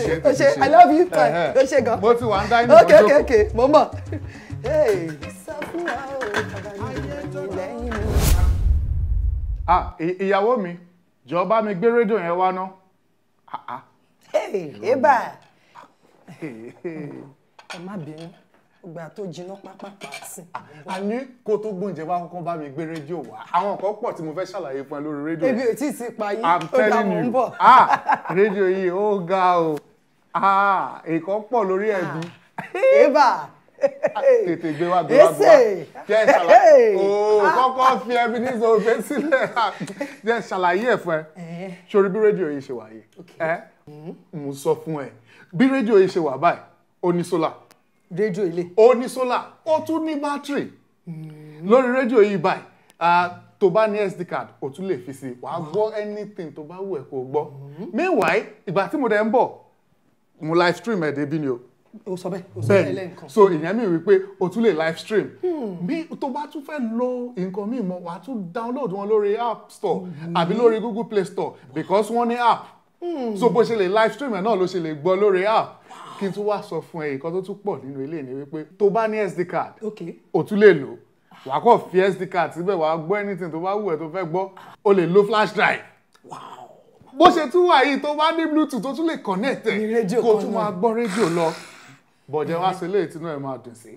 ṣe ṣe i love you kan o ṣe gan. mo ti wà ń dá inú ojú. ok ok ok mo mọ̀. ah ìyàwó mi jọ̀ọ́ bá mi gbé rédíò yẹn wá ná. ébà ah, ah. ẹ má bínú ìgbà tó jiná pápápá sí. àní ah, kó tó gbóúnjẹ wá kọ́kọ́ bá mi gbé rédíò wá àwọn kan pọ̀ tí mo fẹ́ ṣàlàyé fún ẹ lórí rédíò. ebi ò tí ì ti pa yín ó dà mọ́ ń bọ̀. rédíò yìí ó ga o èkó ah, pọ̀ lórí ah. ẹ̀bí. eva ah, tètè gbé wá gbé wá gbé wá jẹ́ ṣàlàyé ooo kọ́kọ́ fi ẹbí ní sọ̀rọ̀ sílẹ̀ jẹ́ ṣàlàyé ẹ̀ fún ẹ eh. sórí bí rédíò yìí ṣe wà yìí ẹ eh? mo sọ fún ẹ bí rédíò yìí ṣe wà báyìí ó ní sólà rédíò ilé ó ní sólà ó tún ní bátìrì hmm. lórí rédíò yìí báyìí tó bá ní sd card ó tún lè fi sí wàá hmm. gbọ́ anything tó bá wù ẹ́ kó gbọ́ hmm. meanwhile ìgbà tí mo dẹ̀ ń bọ̀ mo live stream ẹ̀ débi ni o o sọ bẹ́ẹ̀ o sọ bẹ́ẹ̀ lẹ́nkan so ìyẹn mi wípé o tún lè live stream hmm. bí tó bá tún fẹ́ lo nǹkan míì mọ́ wàá tún download wọn lórí app store hmm. àbí lórí google play store because wọ́n ní app hmm. so bó ṣe lè live stream ẹ̀ náà ló ṣe lè gbọ́ lórí app kí n tún wá sọ fún ẹ nǹkan tó tún pọ̀ nínú ilé ni wípé tó bá ní sd card o tún lè lò wàá kọ́ fi sd card síbẹ̀ wàá gbọ́ anything tó bá wù ẹ́ tó fẹ́ gbọ́ o lè lo flash drive bó ṣe tún wà yìí tó wá ní bluetooth tó tún lè connect ẹ̀ kó tún máa gbọ́ rédíò lọ bọ̀dẹ̀ wá sí ilé ìtinú ẹ̀ máa dùn sí.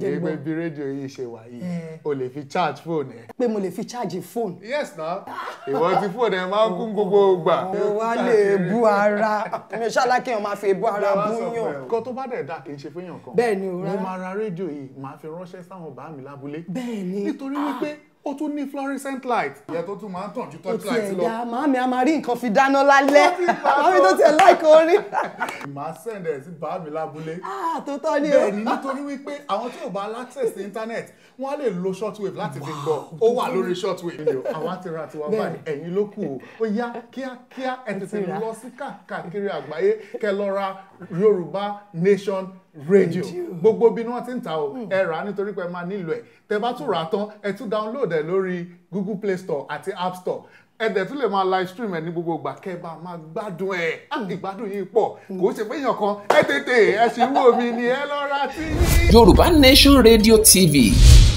jẹ́ pé bí rédíò yìí ṣe wà yìí o lè fi charge phone ẹ. pé mo lè fi charge phone. yes na ah. ìwọ ti phone ẹ máa ń kún gbogbo gbà. mo wá lè bu ara mi ò ṣáláàkì yẹn máa fi bu ara bú yàn. nǹkan tó bá dẹ̀ da kì í ṣe fún yàn kan. bẹ́ẹ̀ ni o rárá mo máa ra rédíò yìí máa fi ránṣẹ́ sáwọn bàá mi lábúlé. bẹ́ẹ̀ nítorí wípé ó tún ní fluorescent light. ìyẹn tó tún máa ń tàn ju torch light lọ. òtí ẹ̀yà màá mi a máa rí nǹkan fi dáná lálẹ́ àmì tó tiẹ̀ láìka orí. màá send ẹ̀ sí bá mi lábúlé. ah tó tọ́ ni o. bẹ́ẹ̀ni nítorí wípé àwọn tí ò bá access sí internet wọ́n á lè lo shortwave láti fi gbọ́ ó wà lórí shortwave. àwa ti ra tiwa báyìí ẹ̀yin ló kù o ó yá kíákíá ẹ̀ tètè lọ sí káàkiri àgbáyé kẹ́ lọ ra Yorùbá Nation rédíò gbogbo bí wọ́n ti ń ta o hmm. ẹ rà á nítorí pé ẹ máa nílò ẹ̀ tẹ́ bá tún rà á tán ẹ tún download ẹ̀ lórí Google Play Store àti App Store ẹ̀dẹ̀ tún lè máa live stream ẹ̀ ní gbogbo ìgbà kẹba máa gbádùn ẹ̀ hmm. ah, ìgbádùn yìí pọ̀ kò ṣe pé èèyàn kan ẹ tètè ẹ sì wò mí ni ẹ lọ ra tí. Yorùbá Nation Radio TV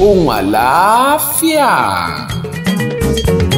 ohun àlàáfíà.